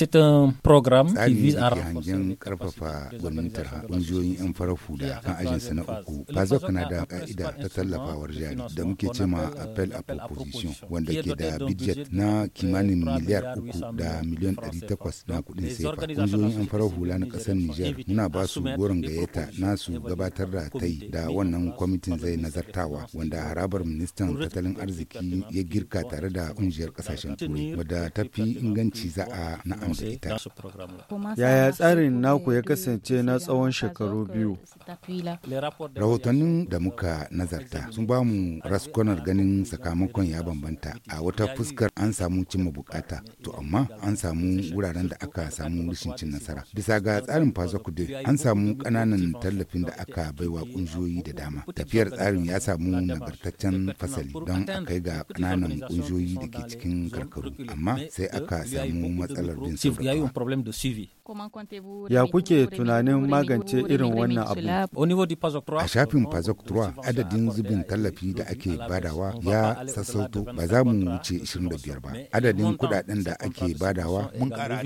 C'est un um, programme tsari da ke hangen karfafa gwamnatar kungiyoyin 'yan farar hula kan ajinsa na uku bazok na da ka'ida ta tallafawar jari da muke cema uh, appel a proposition wanda ke da budget na uh, kimanin miliyar uku da miliyan takwas na kuɗin sefa kungiyoyin 'yan farar hula na kasar niger muna ba su goron gayyata na su gabatar da tai da wannan kwamitin zai nazartawa wanda harabar ministan tattalin arziki ya girka tare da ƙungiyar ƙasashen turai wadda ta fi inganci za a na samu da ita. Yaya tsarin naku ya kasance na tsawon shekaru biyu? Rahotannin da muka nazarta sun ba mu raskonar ganin sakamakon ya bambanta a wata fuskar an samu cimma bukata to amma an samu wuraren da aka samu rashin cin nasara. Bisa ga tsarin kudi an samu kananan tallafin da aka baiwa kungiyoyi da dama. Tafiyar tsarin ya samu nagartaccen fasali don a kai ga kananan kungiyoyi da ke cikin karkaru amma sai aka samu matsalar bin il y a eu un problème de suivi. Ya kuke tunanin magance irin wannan abu? A shafin Pazok adadin zubin tallafi da ake badawa ya sassauto ba za mu wuce 25 ba. Adadin kudaden da ake badawa mun kara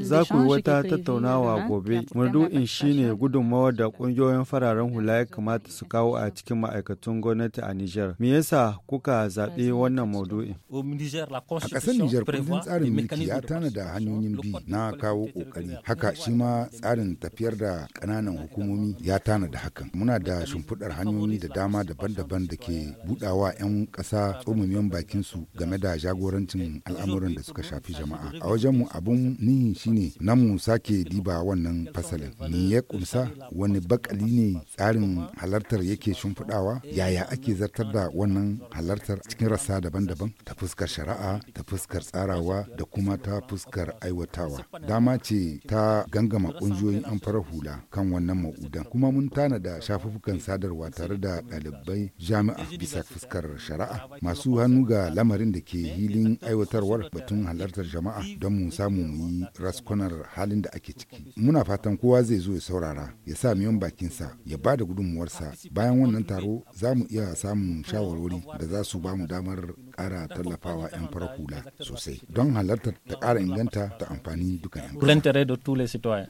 Za ku wata tattaunawa gobe. Murdu'in shine gudunmawar da ƙungiyoyin fararen hula ya kamata su kawo a cikin ma'aikatun gwamnati a Nijar. Me yasa kuka zaɓi wannan maudu'in? A ƙasar Nijar kundin tsarin mulki ya tana hanyoyin bi na kawo ƙoƙari. Haka shi ma tsarin tafiyar da ƙananan hukumomi ya tana da hakan. Muna da shimfiɗar hanyoyi da dama daban-daban da ke buɗawa 'yan ƙasa tsomumin bakin su game da jagorancin al'amuran da suka shafi jama'a. A wajenmu abun nihi shine na mu sake diba wannan fasalin. Ni ya kunsa wani bakali ne tsarin halartar yake shimfiɗawa yaya ake zartar da wannan halartar cikin rasa daban-daban ta fuskar shari'a ta fuskar tsarawa da kuma ta fuskar aiwatawa dama ce ta gangama ƙungiyoyin an fara hula kan wannan ma'udan kuma mun tana da shafuffukan sadarwa tare da ɗalibai jami'a bisa fuskar shari'a masu hannu ga lamarin da ke hilin aiwatarwar batun halartar jama'a don mu samu mu yi raskunar halin da ake ciki muna fatan kowa zai zo ya saurara ya sa miyan bakinsa ya ba da gudunmuwarsa bayan wannan taro za mu iya samun shawarwari da za su ba mu damar kara tallafawa 'yan farar hula sosai don halartar ta kara inganta ta amfani dukkan 'yan